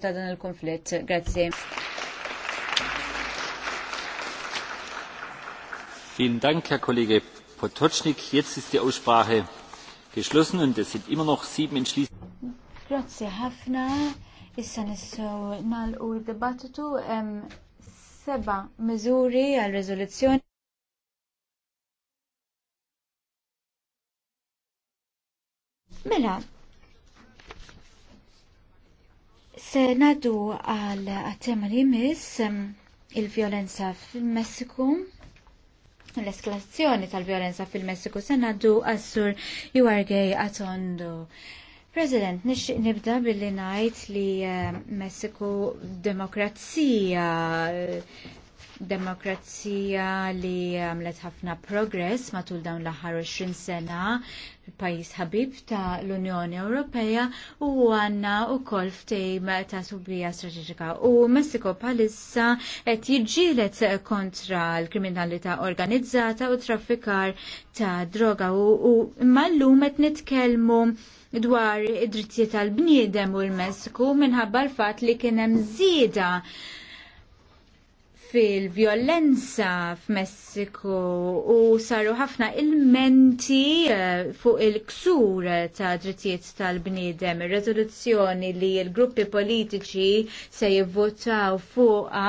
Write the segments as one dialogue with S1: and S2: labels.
S1: ta' dan il-konflitt. Grazie. Vielen Dank, Herr Kollege Potocznik. Jetzt ist die Aussprache geschlossen und es sind immer noch sieben Entschließungen. Grazie, Hafna. Issa nalqu dibattitu seba miżuri għal riżoluzzjoni. Mela, Se nadu għal tema li jmiss il-violenza fil-Messiku, l-eskalazzjoni tal-violenza fil-Messiku, se nadu għassur Juargej Atondo. President, nixtieq nibda billi ngħid li Messiku demokrazija demokrazija li għamlet ħafna progress matul dawn l-aħħar 20 sena pajis ħabib ta' l-Unjoni Ewropea u għanna u kolf tejm ta' subija strategika. U Messiko palissa qed jiġġielet kontra l-kriminalità organizzata u traffikar ta' droga u, u mallum qed nitkellmu dwar id-drittijiet tal-bniedem u l-Messiku minħabba l-fat li kienem zida fil-violenza f'Messiku u saru ħafna ilmenti eh, fuq il-ksur ta' drittijiet tal-bniedem. Ir-rezoluzzjoni li l-gruppi politiċi se jivvotaw fuqha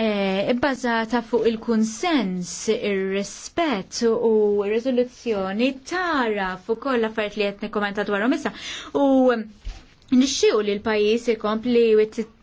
S1: Ibbażata eh, e, fuq il-kunsens, ir-rispett u r-riżoluzzjoni tara fuq kollha affarijiet li qed nikkommenta dwarhom issa u nixxiju li l-pajis ikompli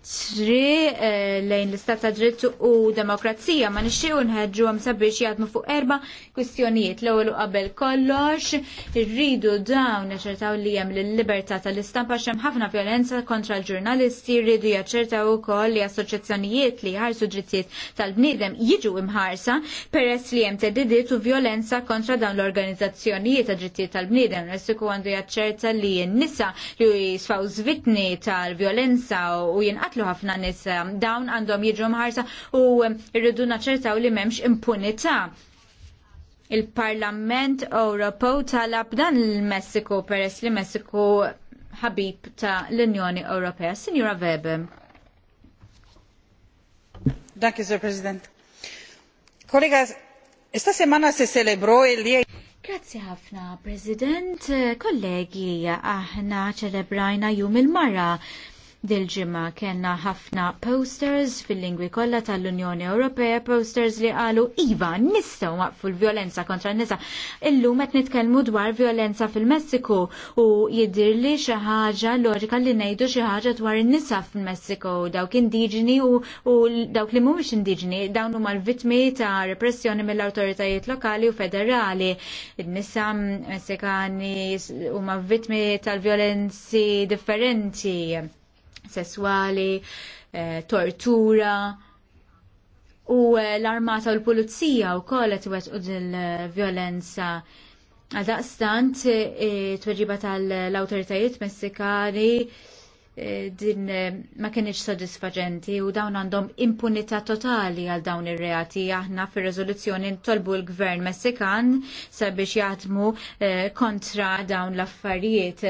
S1: tri eh, lejn l-istat ta' dritt u demokrazija ma nixxiju nħedġu għam sabiex jgħadmu fuq erba kwistjonijiet l ewwel qabel kollox rridu dawn neċertaw li jem l-libertà tal-istampa xem ħafna violenza kontra l-ġurnalisti rridu jaċertaw ukoll li assoċjazzjonijiet li jħarsu drittijiet tal-bniedem jiġu imħarsa peress li jem teddidiet u violenza kontra dawn l-organizzazzjonijiet ta' drittijiet tal-bniedem nessiku għandu jaċċerta li n-nisa li jisfaw vittni tal-violenza u jinqatlu ħafna nis um, dawn għandhom jiġu mħarsa u um, rridu naċertaw li memx impunità il-Parlament Ewropew talab dan il-Messiku peress li Messiku ħabib ta' l-Unjoni Ewropea. Sinjura Weber. Danke, Sir President. Kollega, esta semana se celebró el día Grazzi ħafna, President, kollegi, aħna ċelebrajna jum il-mara Dil-ġimma kena ħafna posters fil-lingwi kollha tal-Unjoni Ewropea, posters li qalu iva nistgħu waqfu l-vjolenza kontra n-nisa. Illum qed nitkellmu dwar vjolenza fil-Messiku u jiddir li xi ħaġa loġika li ngħidu xi ħaġa dwar in-nisa fil-Messiku dawk indiġeni u, u dawk li mhumiex indiġeni dawn huma l-vittmi ta' repressjoni mill-awtoritajiet lokali u federali. In-nisa messikani huma vittmi tal-vjolenzi differenti sessuali, eh, tortura, u eh, l-armata u l-pulizija u kollet u il-violenza għadaqstant eh, tweġiba tal-autoritajiet messikani eh, din ma kienx sodisfaġenti u dawn għandhom impunità totali għal dawn ir-reati. Aħna fir-riżoluzzjoni ntolbu l-gvern Messikan sabiex jaħdmu kontra dawn l-affarijiet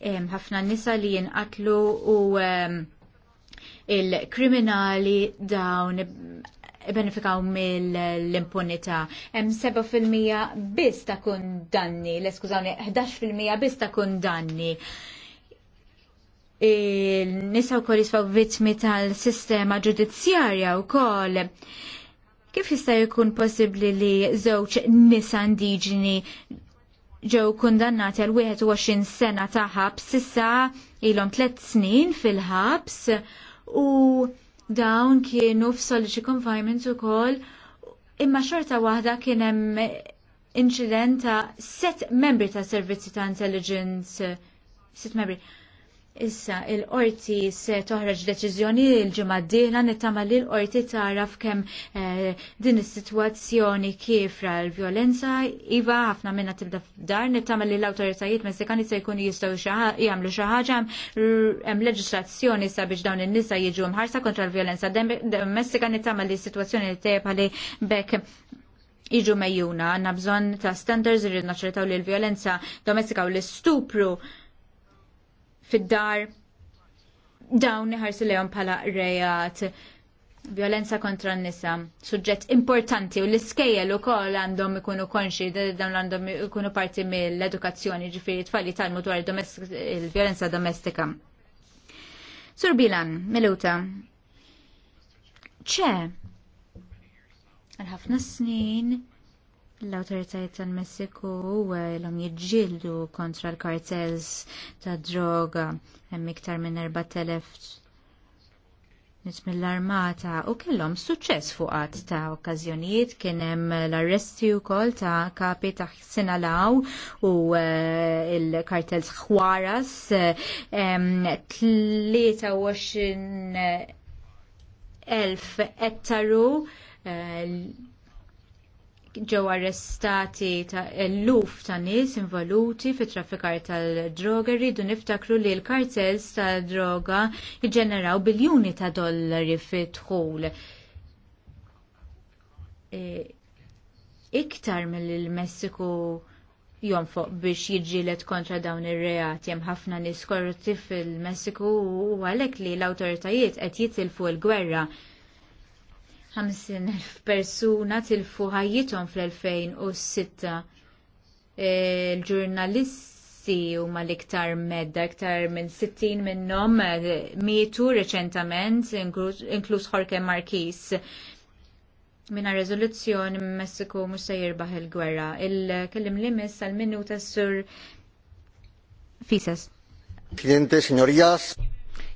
S1: ħafna nisa li jinqatlu u il-kriminali dawn benefikaw mill-impunita. Hemm 7% biss ta' kundanni, l-eskużawni, 11% biss ta' kundanni il-nisa u koll jisfaw vittmi tal-sistema ġudizzjarja u koll. Kif jista' jkun possibli li żewġ nisa indiġni ġew kundannati għal 21 sena ta' ħabs issa ilhom tliet snin fil-ħabs u dawn kienu f'soliċi confinement ukoll imma xorta waħda kien hemm incident ta' set membri ta' servizzi ta' intelligence set membri Issa, il-qorti se toħroġ deċiżjoni l-ġimgħa d nittama li l-qorti taraf kem eh, din is-sitwazzjoni kif ra l-vjolenza iva ħafna minna tibda f'dar nittama li l-awtoritajiet Messikani se jkunu jistgħu jagħmlu xi ħaġa hemm leġislazzjoni sabiex dawn in-nisa jiġu mħarsa kontra l-vjolenza domestika nittama li s-sitwazzjoni li tejjeb għali bekk iġu mejjuna, għanna bżon ta' standards irrid naċċertaw li l-violenza domestika u l-istupru fid-dar dawn iħarsu lejhom bħala rejat violenza kontra n-nisa, suġġett importanti u l-iskejjel ukoll għandhom ikunu konxi, dawn għandhom ikunu parti mill-edukazzjoni ġifiri tfalli tal dwar il-violenza domestika. Sur Bilan, Meluta, ċe, għal-ħafna snin, L-autoritajiet tal-Messiku l-om kontra l-kartels ta' droga hemm iktar minn 4,000 nies mill-armata u kellhom suċċess fuq ta' okkażjonijiet kien hemm l-arresti wkoll ta' kapi ta' Sinalaw u eh, l-kartels Juarez 23 eh, elf ettaru eh, ġew arrestati ta' eluf ta' nies involuti fit traffikar tal-droga rridu niftakru li l-kartels tal-droga ġeneraw biljuni ta' dollari fi dħul e, Iktar mill-Messiku jonfoq biex jiġġielet kontra dawn ir-reati hemm ħafna nies korrotti fil-Messiku u għalhekk li l-awtoritajiet qed jitilfu l-gwerra 50.000 persuna tilfu ħajjithom fl-2006 il-ġurnalisti e, huma l-iktar medda, iktar minn 60 minnhom e, mietu reċentament, inkluż Jorge Marquis. Minna rezoluzzjoni Messiku mhux se jirbaħ il-gwerra. Il-kellim li miss għal-minuta sur Fises.
S2: Presidente, signorijas.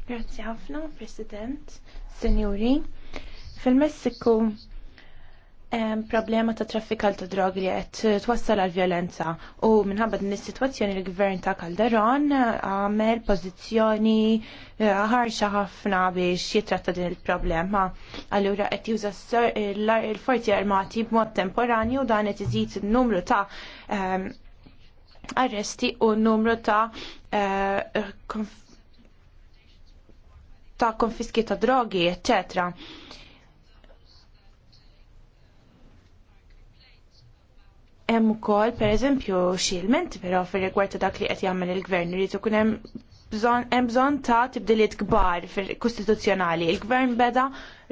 S2: Grazie ħafna, President, Senjuri. Fil-Messiku problema ta' traffikal ta' drogi li qed twassal għal violenza u minħabba din is-sitwazzjoni l-gvern ta' Calderon għamel pożizzjoni eh, ħarxa ħafna biex jitratta din il-problema. Allura qed juża l-forzi armati b'mod temporanju dan qed iżid in-numru ta' ehm, arresti u n-numru ta' eh, ta' konfiski ta' drogi, eccetera Hemm ukoll pereżempju xi ilment però fir-rigward ta' dak li qed jagħmel il-gvern irid ikun hemm bżonn hemm bżonn ta' tibdiliet kbar fil-kostituzzjonali. Il-gvern beda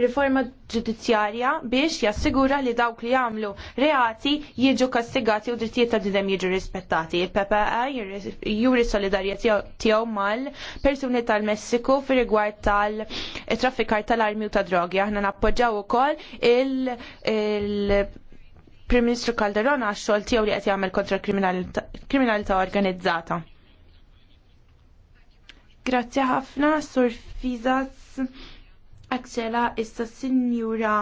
S2: riforma ġudizzjarja biex jassigura li dawk li jagħmlu reati jiġu kastigati u drittijiet ta' didem jiġu rispettati. il ppa e juri solidarja tiegħu mal-persuni tal-Messiku fir-rigward tal-traffikar tal-armi u ta' drogi. Aħna nappoġġaw ukoll il- Prim Ministru Calderon għax-xogħol tiegħu li qed jagħmel kontra kriminalità organizzata. Grazzi ħafna, Sur Fizas. Aksela issa Sinjura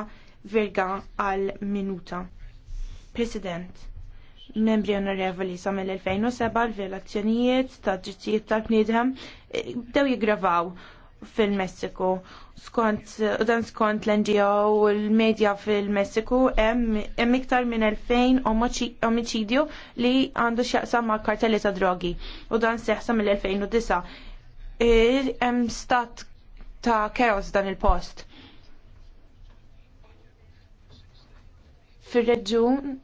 S2: Verga għal minuta. President, membri onorevoli sa mill-2007 l-violazzjonijiet ta' ġittijiet tal-bniedem eh, dew jiggravaw fil-Messiku. Skont, u dan skont l-NGO u l-medja fil-Messiku hemm iktar minn 2000 omicidju li għandu x'jaqsam ma' kartelli ta' drogi. U dan seħsa mill-2009. E, hemm stat ta' keos dan il-post. fir reġun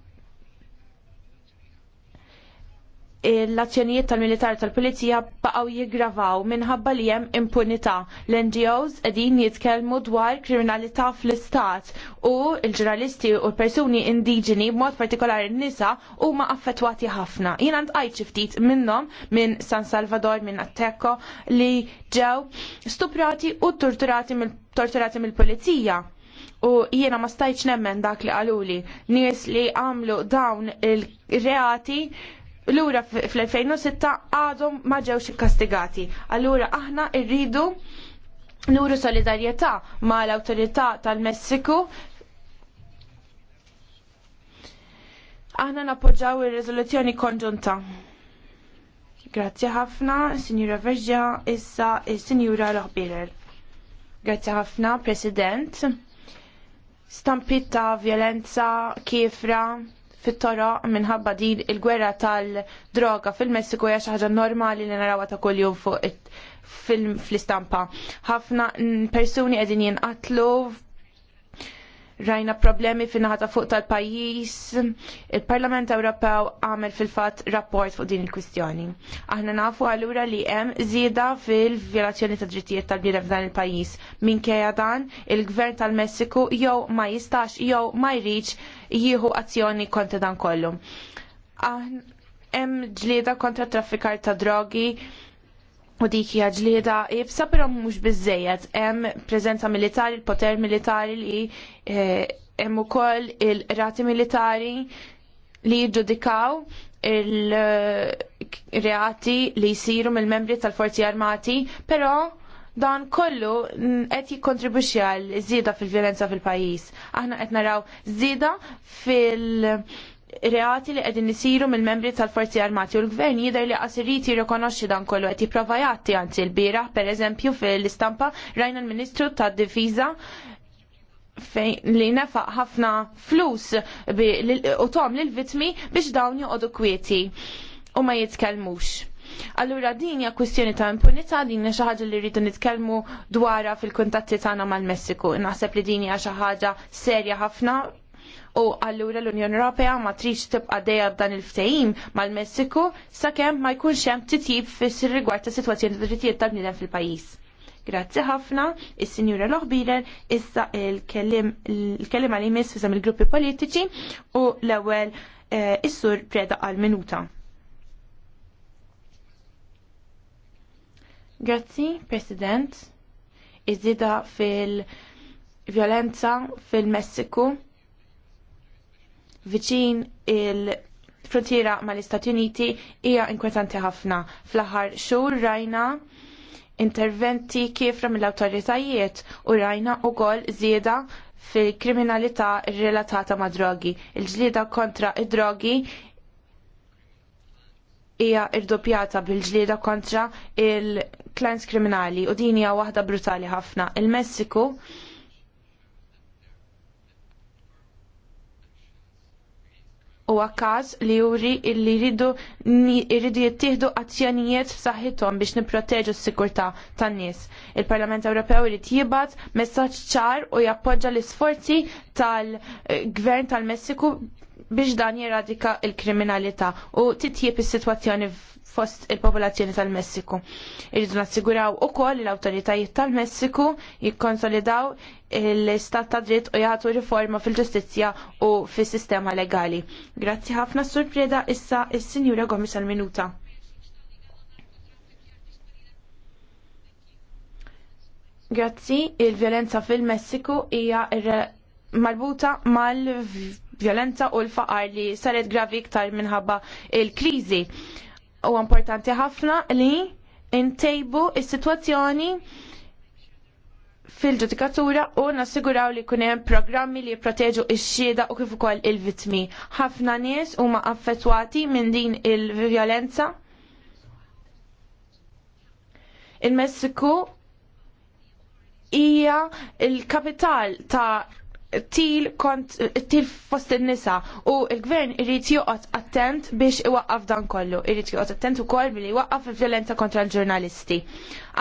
S2: l-azzjonijiet tal-militar tal-pulizija baqgħu jiggravaw minħabba li hemm impunità. L-NGOs qegħdin jitkellmu dwar kriminalità fl-istat u l-ġurnalisti u l-persuni indiġeni b'mod partikolari n-nisa huma affettwati ħafna. Jiena ntqajt xi ftit minnhom minn San Salvador minn Atteco li ġew stuprati u torturati mill-torturati mill-pulizija u jiena ma stajċ nemmen dak li għaluli nies li għamlu dawn il-reati Lura fl-2006 għadhom ma ġewx ikkastigati. Allura aħna rridu nuru solidarjetà ma l-autorità tal-Messiku aħna nappoġġaw ir-riżoluzzjoni konġunta. Grazzi ħafna, Sinjura Verġa, issa Sinjura Roħbirer. Grazzi ħafna, President. Stampita ta' violenza, kifra, fit-toro minħabba din il-gwerra tal-droga fil-Messiku hija xi ħaġa normali li narawha ta' kuljum fuq fil fl-istampa. Ħafna persuni qegħdin jinqatlu rajna problemi fin-naħata fuq tal-pajjiż. Il-Parlament Ewropew għamel fil-fatt rapport fuq din il-kwistjoni. Aħna nafu allura li hemm żieda fil-vjolazzjoni ta' drittijiet tal-bniedem f'dan il-pajjiż. Minkejja dan, il-Gvern tal-Messiku jew ma jistax jew ma jridx jieħu azzjoni kontra dan kollu. Hemm ġlieda kontra traffikar ta' drogi, U dik hija ġlieda ibsa però mhux biżejjed hemm preżenza militari, il-poter militari li eh, hemm ukoll il-rati militari li jiġġudikaw il-reati li jsiru mill-membri tal-forzi armati, però dan kollu qed jikkontribwixxi għal żieda fil-vjolenza fil-pajjiż. Aħna qed naraw żieda fil-, fil pajjiż aħna qed naraw żieda fil reati li qegħdin isiru mill-membri tal-Forzi Armati u l-Gvern jidher li qasirit jirrikonoxxi dan kollu qed jipprova jagħti anzi l-bieraħ pereżempju fil-istampa rajna l-Ministru tad-Difiża fejn li nefaq ħafna flus u tom lil vitmi biex dawn joqogħdu kwieti u ma jitkellmux. Allura din hija kwistjoni ta' impunità din hija xi ħaġa li rridu nitkellmu dwarha fil-kuntatti tagħna mal-Messiku. Naħseb li din hija xi ħaġa serja ħafna u allura l-Unjoni Ewropea ma trix tibqa' dejja b'dan il-ftehim mal-Messiku sakemm ma jkunx hemm titjib fis-rigward ta' sitwazzjoni ta' drittijiet tal-bniedem fil-pajjiż. Grazzi ħafna, il-Sinjura Loħbiren, issa il-kellim għal imis fizam il-gruppi politiċi u l-ewel eh, is sur preda għal minuta. Grazzi, President, iżida fil-violenza fil-Messiku viċin il-frontiera mal-Istati Uniti hija inkwetanti ħafna. Fl-aħħar xhur rajna interventi kifra mill-awtoritajiet u rajna wkoll żieda fil-kriminalità relatata ma' drogi. Il-ġlieda kontra id-drogi hija irdoppjata bil-ġlieda kontra il-klans kriminali u din hija waħda brutali ħafna. Il-Messiku huwa każ li juri illi jridu irridu jittieħdu azzjonijiet f'saħħithom biex nipproteġu s-sikurtà tan-nies. Il-Parlament Ewropew irid jibgħat messaġġ ċar u jappoġġa l-isforzi tal-Gvern tal-Messiku biex dan jeradika l kriminalità u titjib is-sitwazzjoni fost il-popolazzjoni tal-Messiku. Irridu nassiguraw ukoll li l-awtoritajiet tal-Messiku jikkonsolidaw l-istat ta' dritt u jagħtu riforma fil-ġustizzja u fis-sistema legali. Grazzi ħafna surpreda issa il sinjura Gomis għal-Minuta. Grazzi, il-violenza fil-Messiku hija marbuta mal-violenza u l-faqar li saret gravi iktar minħabba il-krizi u importanti ħafna li intejbu is-sitwazzjoni fil-ġudikatura u nassiguraw li kunem programmi li jipproteġu ix-xieda u kif ukoll il-vitmi. Ħafna nies huma affettwati minn din il-vjolenza. Il-Messiku hija il-kapital ta' til kont til fost nisa u il-gvern irrit joqgħod attent biex iwaqqaf dan kollu, irrit joqgħod attent ukoll billi iwaqqaf il-violenza kontra l-ġurnalisti.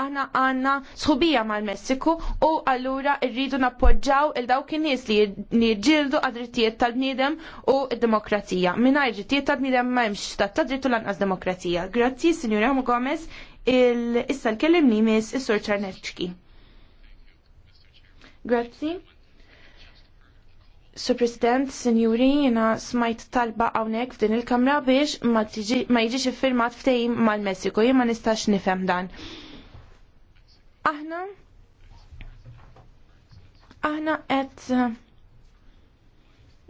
S2: Aħna għandna sħubija mal-Messiku u allura rridu nappoġġaw il dawk in-nies li jġildu għad-drittijiet tal-bniedem u d-demokrazija. Mingħajr drittijiet tal-bniedem m'hemmx tat ta' drittu lanqas demokrazija. Grazzi, Sinjura Gomez, il-issa l-kellimni mis is-Sur Grazie. Grazzi. Sur President, Sinjuri, jena smajt talba għawnek f'din il-kamra biex ma jiġix iffirmat ftejim mal-Messiku, jien ma nistax nifhem dan. Aħna aħna qed eh,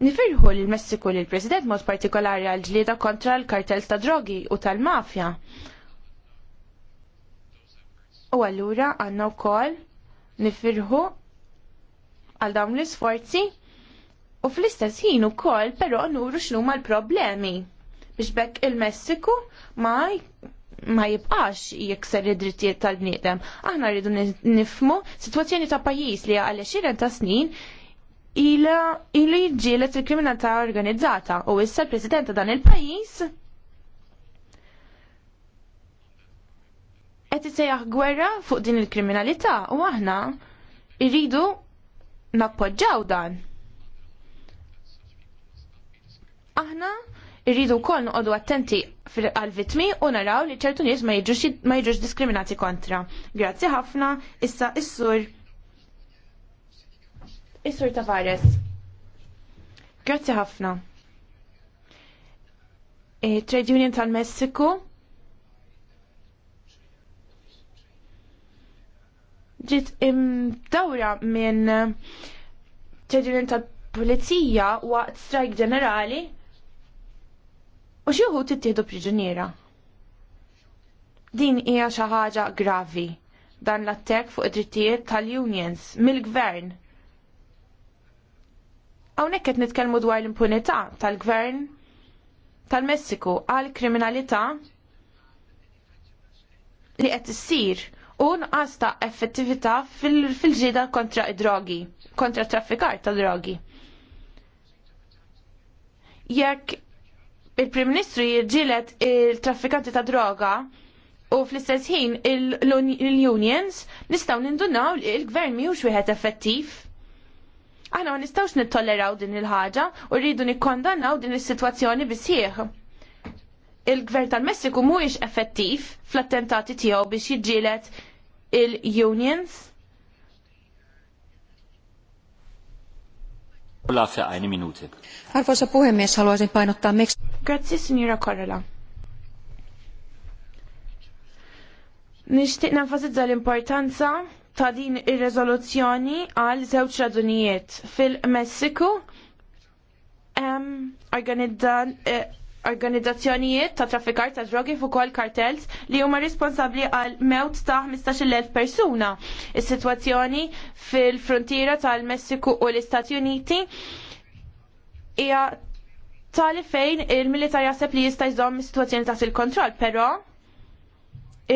S2: nifirħu l messiku l president mod partikolari għal ġlieda kontra l-kartell ta' drogi u tal-mafja. U allura għandna wkoll nifirħu għal dawn l-isforzi U fl-istess ħin ukoll però nuru x'numa l-problemi biex bekk il-Messiku ma ma jibqax jikser id-drittijiet tal-bniedem. Aħna rridu nifmu situazzjoni ta' pajjiż li għal xiren ta' snin ila ilu jġielet il-kriminalità organizzata u issa l-president ta' dan il-pajjiż qed isejjaħ gwerra fuq din il-kriminalità u aħna rridu nappoġġaw dan aħna irridu wkoll noqogħdu attenti għal-vitmi u naraw li ċertu nies ma jiġux diskriminati kontra. Grazzi ħafna, issa is-sur. Is-sur Tavares. Grazzi ħafna. E, Trade Union tal-Messiku ġiet imdawra minn Trade Union tal-Pulizija waqt strajk ġenerali u xi tittieħdu ittieħdu priġuniera. Din hija xi ħaġa gravi dan l-attek fuq id-drittijiet tal-unions mill-gvern. Hawnhekk qed nitkellmu dwar l-impunità tal-gvern tal-Messiku għal kriminalità li qed issir u nqas ta' effettività fil-ġida kontra id-drogi, kontra traffikar ta' drogi. Jekk il-Prim Ministru jirġilet il-traffikanti ta' droga u fl-istess ħin il-unions nistaw nindunaw li il-gvern miħux wieħed effettiv. Aħna ma nistawx nittolleraw din il-ħaġa u rridu nikkondannaw din is-sitwazzjoni bisieħ. Il-gvern tal-Messiku mhuwiex effettiv fl-attentati tiegħu biex jiġġieled il-unions Arvoisa puhemies, haluaisin painottaa Meksi... Grazie, signora Korrela. Nishtiq nenfasizza l-importanza ta' din ir-rezoluzzjoni għal żewġ raġunijiet. Fil-Messiku organizzan eh, organizzazzjonijiet ta' traffikar ta' drogi fuq kol kartels li huma responsabbli għal mewt ta' 15.000 persuna. Is-sitwazzjoni fil-frontiera tal-Messiku u l-Istati Uniti hija tali fejn il-militar jaħseb li jista' jżomm is-sitwazzjoni ta' il-kontroll, però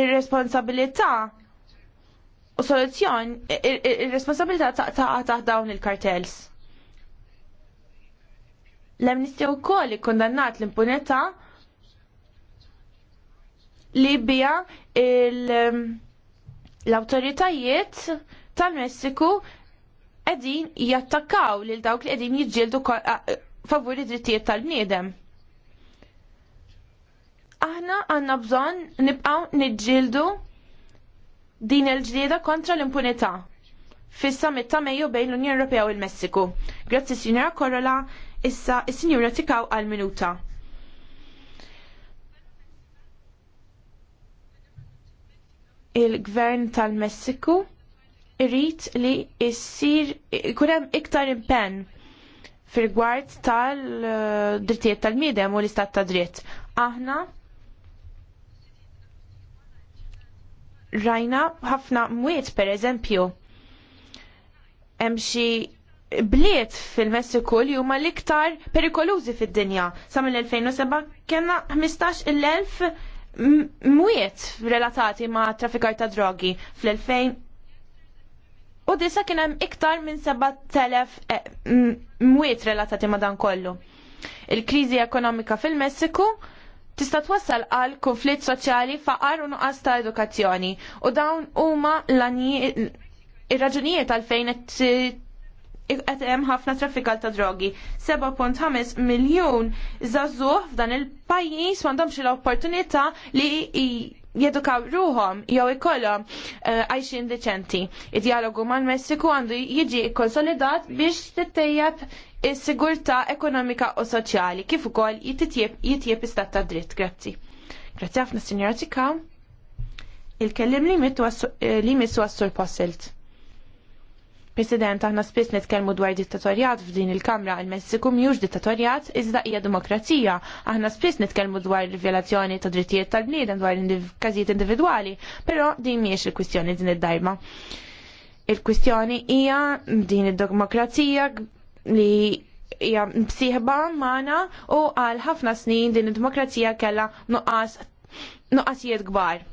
S2: ir-responsabilità u soluzzjon ir-responsabilità taħt dawn il-kartels. L-Amnistija wkoll kondannat l-impunità li bija l-awtoritajiet tal-Messiku qegħdin jattakaw lil dawk li qegħdin jiġġieldu favur id-drittijiet tal-bniedem aħna għanna bżon nibqaw nidġildu din il-ġdida kontra l-impunità fis-summit ta' Mejju bejn l-Unjoni Ewropea u l-Messiku. Grazzi Sinjora Korola, Issa, is-sinjura tikaw għal-minuta. Il-gvern tal-Messiku irrit li jissir kunem iktar impenn fil-gwart tal-drittijiet tal-miedem u l-istat ta' dritt. Aħna rajna ħafna mwiet per eżempju. Hemm xi bliet fil-Messiku li huma l-iktar perikolużi fid-dinja. Sa mill-2007 kena 15,000 mwiet relatati ma' traffikar ta' drogi fl-2000 u disa kien hemm iktar minn 7000 eh, mwiet relatati ma' dan kollu. Il-kriżi ekonomika fil-Messiku tista' twassal għal konflitt soċjali faqar u nuqqas ta' edukazzjoni u dawn huma l-raġunijiet għalfejn qed qed hemm ħafna traffikal ta' drogi. 7.5 miljun żagħżugħ f'dan il-pajjiż m'għandhomx l-opportunità li jedukaw ruhom jew ikollhom eh, għajxin uh, deċenti. Id-dialogu mal-Messiku għandu jiġi konsolidat biex tittejjeb is-sigurtà ekonomika u soċjali kif ukoll jitjieb istat ta' dritt. Grazzi. Grazzi ħafna Sinjora Tikaw. Il-kellim li mitu eh, għas-sur Posselt. President, aħna spiss nitkellmu dwar dittatorjat f'din il-Kamra, il-Messiku mhux dittatorjat iżda hija demokrazija. Aħna spiss nitkellmu dwar il-violazzjoni ta' drittijiet tal-bniedem dwar każijiet individwali, però din mhijiex il-kwistjoni din id-dajma. Il-kwistjoni hija din id-demokrazija li hija msieħba magħna u għal ħafna snin din id-demokrazija kellha nuqqas nuqqasijiet kbar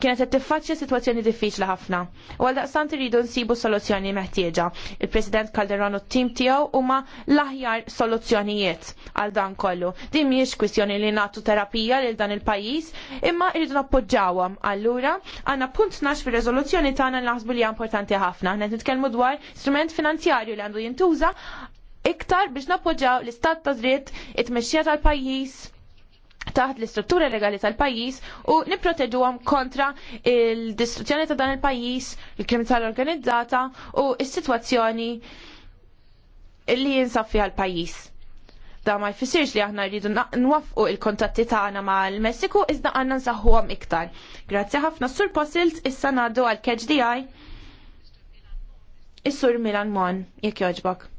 S2: kienet qed tiffaċċja sitwazzjoni diffiċli ħafna. U għal daqstant iridu nsibu soluzzjoni meħtieġa. Il-President Calderon u t-tim tiegħu huma l-aħjar soluzzjonijiet għal dan kollu. Din mhijiex kwistjoni li nagħtu terapija lil dan il-pajjiż, imma rridu nappoġġawhom. Allura għandna punt nax fir-reżoluzzjoni tagħna naħsbu li hija importanti ħafna. Qed nitkellmu dwar strument finanzjarju li għandu jintuża iktar biex nappoġġaw l-istat ta' dritt it-tmexxija tal-pajjiż taħt l-istruttura legali tal-pajjiż u nipproteġuhom kontra il-distruzzjoni ta' dan il-pajjiż, il-kriminalità organizzata u s-sitwazzjoni li jinsab fiha l-pajjiż. Da ma jfissirx li aħna rridu nwaffqu il-kontatti tagħna mal-Messiku iżda għandna nsaħħuhom iktar. Grazzi ħafna sur Posilt issa ngħaddu għal KHDI. Is-sur Milan Mon, jekk jogħġbok.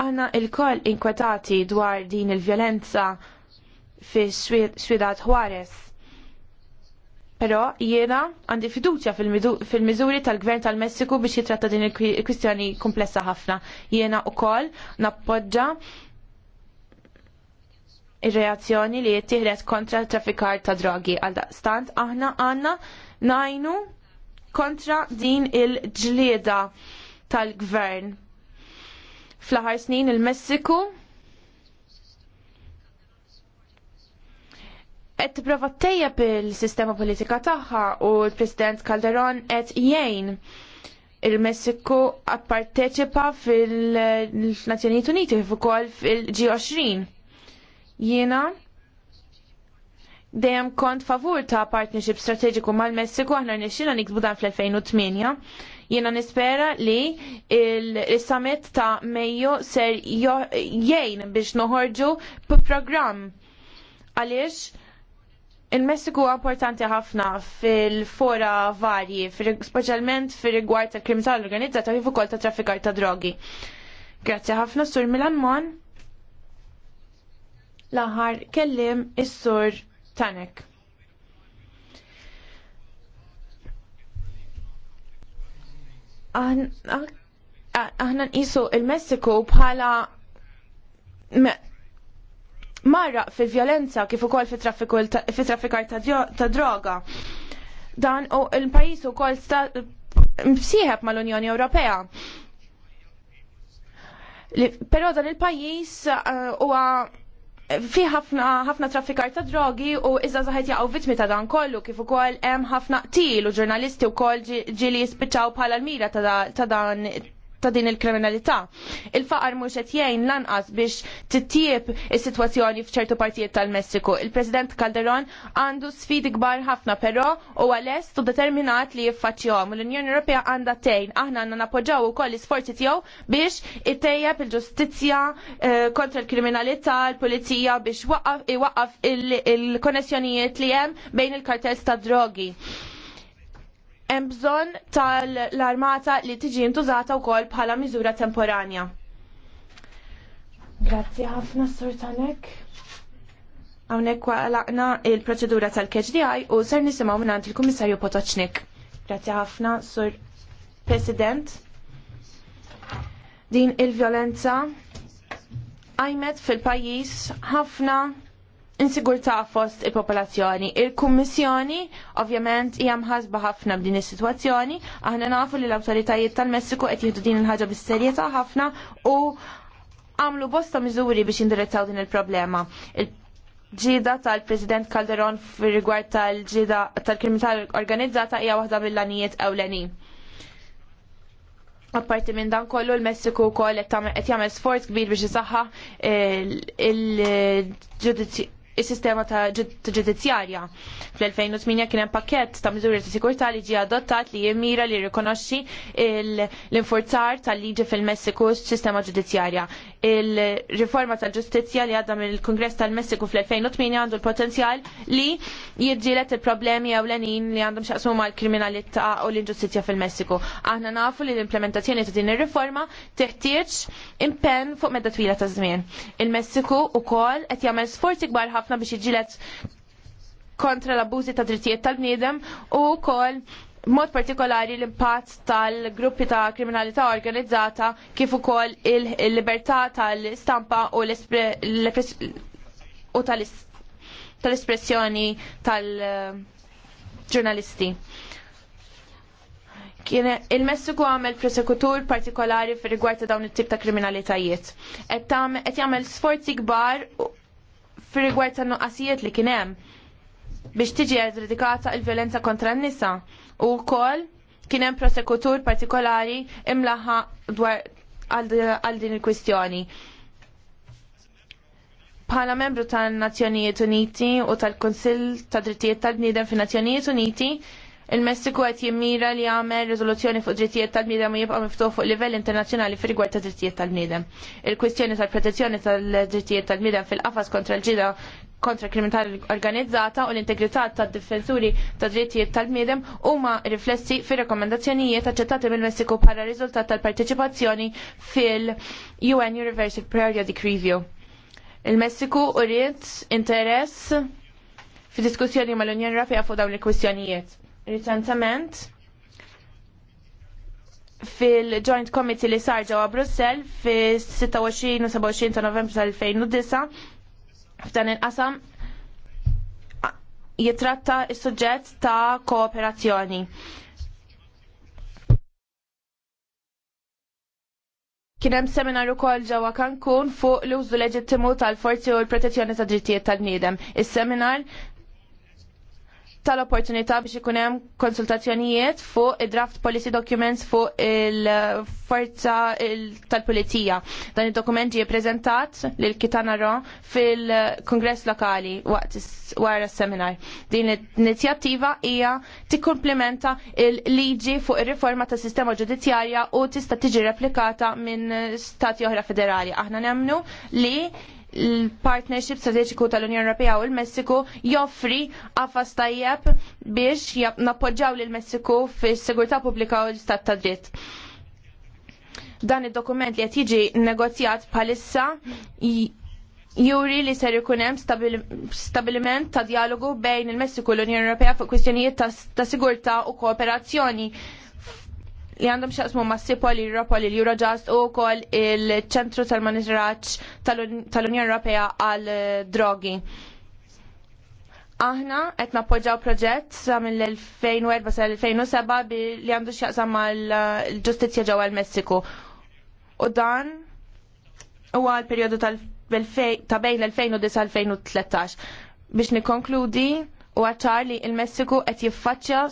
S2: Aħna il-koll inkwetati dwar din il-violenza fi swidat Juarez. Pero jiena għandi fiduċja fil-miżuri tal-Gvern tal-Messiku biex jitratta din il-kwistjoni komplessa ħafna. Jiena u koll nappoġġa ir-reazzjoni li jittihret kontra l-traffikar ta' drogi. Għal stant aħna għanna najnu kontra din il-ġlieda tal-Gvern fl-aħar snin il-Messiku qed tipprova tejjeb il-sistema politika tagħha u l-President Calderon qed jgħin il-Messiku apparteċipa fil-Nazzjonijiet Uniti kif ukoll fil-G20. Jiena dejjem kont favur ta' partnership strateġiku mal-Messiku aħna nixxina nikbu dan fl-2008 Jiena nispera li il-summit ta' Mejju ser jgħin biex noħorġu p-program. għaliex Il-Messiku importanti ħafna fil-fora varji, speċjalment fil-rigward tal krim tal-organizzata kif ukoll ta' traffikar ta' drogi. Grazzi ħafna sur Milan Mon. L-aħħar kellim is-sur Tanek. aħna nqisu il-Messiku bħala marra fil-vjolenza kif ukoll fi traffikar ta' droga. Dan u l-pajis ukoll msieħeb mal-Unjoni Ewropea. Però dan il-pajis eh, huwa fi ħafna ħafna traffikar ta' drogi u iżda zaħet jaqgħu vittmi ta' dan kollu kif ukoll hemm ħafna qtil u ġurnalisti wkoll ġieli jispiċċaw bħala l-mira ta' dan ta' din il-kriminalità. Il-faqar mhux qed jgħin lanqas biex tittieb is-sitwazzjoni f'ċertu partijiet tal-Messiku. Il-President Calderon għandu sfidi kbar ħafna però u għalest u determinat li jiffaċjhom. L-Unjoni Ewropea għandha tgħin aħna għandna nappoġġaw ukoll l-isforzi tiegħu biex ittejjeb il-ġustizzja eh, kontra l-kriminalità, l-pulizija biex waqqaf il-konnessjonijiet li hemm bejn il-kartels ta' drogi hemm bżonn tal-armata li tiġi ntużata wkoll bħala miżura temporanja. Grazzi ħafna Sur Tanek. Hawnhekk waqlaqna il-proċedura tal-KHDI u ser nisimgħu mingħand il-Kummissarju Potoċnik. Grazzi ħafna Sur President. Din il-vjolenza għajmet fil-pajjiż ħafna insigurtà fost il-popolazzjoni. Il-Kummissjoni ovvjament hija mħasba ħafna b'din is-sitwazzjoni, aħna nafu li l-awtoritajiet tal-Messiku qed jieħdu din il-ħaġa bis-serjetà ħafna u għamlu bosta miżuri biex jindirizzaw din il-problema. il Ġida tal-President Calderon fir-rigward tal-ġida tal-kriminal organizzata hija waħda mill-lanijiet ewlenin. Apparti minn dan kollu l-Messiku wkoll qed jagħmel sforz kbir biex isaħħa il-ġudizzju is-sistema ta' ġudizzjarja. Fl-2008 kien hemm pakkett ta' miżuri ta' sikurtà li ġie adottat li jimira li jirrikonoxxi l-infurzar tal-liġi fil-Messiku s-sistema ġudizzjarja. Il-riforma tal-ġustizzja li għadda mill-Kongress tal-Messiku fl-2008 għandu l-potenzjal li jirġielet il-problemi ewlenin li għandhom xaqsmu l kriminalità u l-inġustizzja fil-Messiku. Aħna nafu li l-implementazzjoni ta' din ir-riforma teħtieġ impenn fuq medda twila ta' żmien. Il-Messiku kol qed jagħmel sforzi kbar ħafna ħafna biex iġilet kontra l-abbużi ta' drittijiet tal-bniedem u wkoll mod partikolari l-impatt tal-gruppi ta' kriminalità organizzata kif ukoll il-libertà tal-istampa u tal-espressjoni tal-ġurnalisti il-Messiku għamel prosekutur partikolari fir rigward ta' dawn it-tip ta' kriminalitajiet. Qed jagħmel sforzi kbar fir rigward tan nuqqasijiet li kien hemm biex tiġi eżredikata il-violenza kontra n-nisa u wkoll kien hemm prosekutur partikolari imlaħa dwar għal din il-kwistjoni. Bħala membru tan-Nazzjonijiet Uniti u tal-Kunsill ta' Drittijiet tal-Bniedem fin-Nazzjonijiet Uniti, Il-Messiku qed jimmira li għamel riżoluzzjoni fuq drittijiet tal bnidem u jibqa' miftuħ fuq livell internazzjonali fi rigward ta' drittijiet tal bnidem Il-kwistjoni tal-protezzjoni tal-drittijiet tal bnidem fil-qafas kontra l-ġida kontra kriminal organizzata u l-integrità tad-difensuri ta' drittijiet tal bnidem huma riflessi fir rekomendazzjonijiet aċċettati mill-Messiku bħala riżultat tal-parteċipazzjoni fil-UN Universal Periodic Review. Il-Messiku uriet interess fi diskussjoni mal-Unjoni Ewropea fuq dawn il-kwistjonijiet riċentament fil-Joint Committee li sar ġewwa Brussell fis-26 u 27 ta' Novembru tal-2009 f'dan il-qasam jitratta s-suġġett ta' kooperazzjoni. Kien hemm seminar ukoll ġewwa Cancun fuq l-użu leġittimu tal-forzi u l-protezzjoni tad drittijiet tal-bniedem. Is-seminar tal-opportunità biex ikun hemm konsultazzjonijiet fuq id-draft policy documents fuq il-forza il forza tal pulizija Dan id-dokument ġie preżentat lil Kitana Ro fil-kongress lokali waqt wara s-seminar. Din l-inizjattiva hija tikkumplimenta il-liġi fuq ir-riforma tas sistema ġudizzjarja u tista' tiġi replikata minn stati oħra federali. Aħna nemmnu li l-partnership strateġiku tal-Unjoni Ewropea u l-Messiku joffri għafas tajjeb biex nappoġġaw lil messiku fis sigurtà pubblika u l-istat ta' dritt. Dan id-dokument li qed jiġi negozjat bħalissa juri li ser ikun hemm stabiliment ta' dialogu bejn il-Messiku u l-Unjoni Ewropea fuq kwistjonijiet ta' sigurtà u kooperazzjoni li għandhom xaqsmu ma' Sipol, Europol, l eurojust u kol il-ċentru tal-Manizraċ tal-Unjoni Europea għal-drogi. Eh, Aħna qed nappoġġaw proġett sa mill-2004 sa l-2007 li għandu x'jaqsam mal-ġustizzja eh, ġewwa l-Messiku. U dan huwa l-perjodu ta' bejn l-2009-2013. Biex nikkonkludi u għaċar li l-Messiku qed jiffaċċja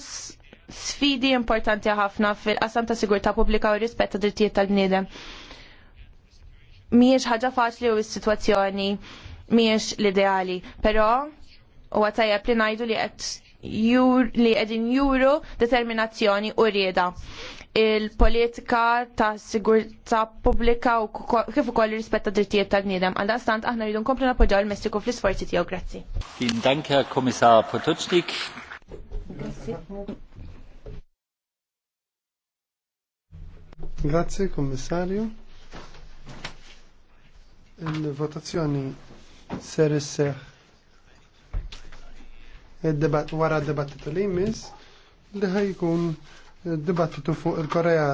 S2: sfidi importanti ħafna fil-qasam ta' sigurtà pubblika u rispett ta' drittijiet tal-bniedem. Mhijiex ħaġa faċli u s-sitwazzjoni mhijiex l-ideali, però huwa tajjeb li ngħidu li qed li qegħdin juru determinazzjoni u rieda il-politika ta' sigurtà pubblika u kif ukoll rispett ta' drittijiet tal-bniedem. Għal stant aħna rridu nkomplu nappoġġaw il-Messiku fl-isforzi tiegħu. Grazzi.
S1: Dank, Herr Kommissar Potocznik. Grazie, Commissario. Il-votazzjoni ser isseħ e wara d-debattitu li jmiss li ħajkun fuq il-Korea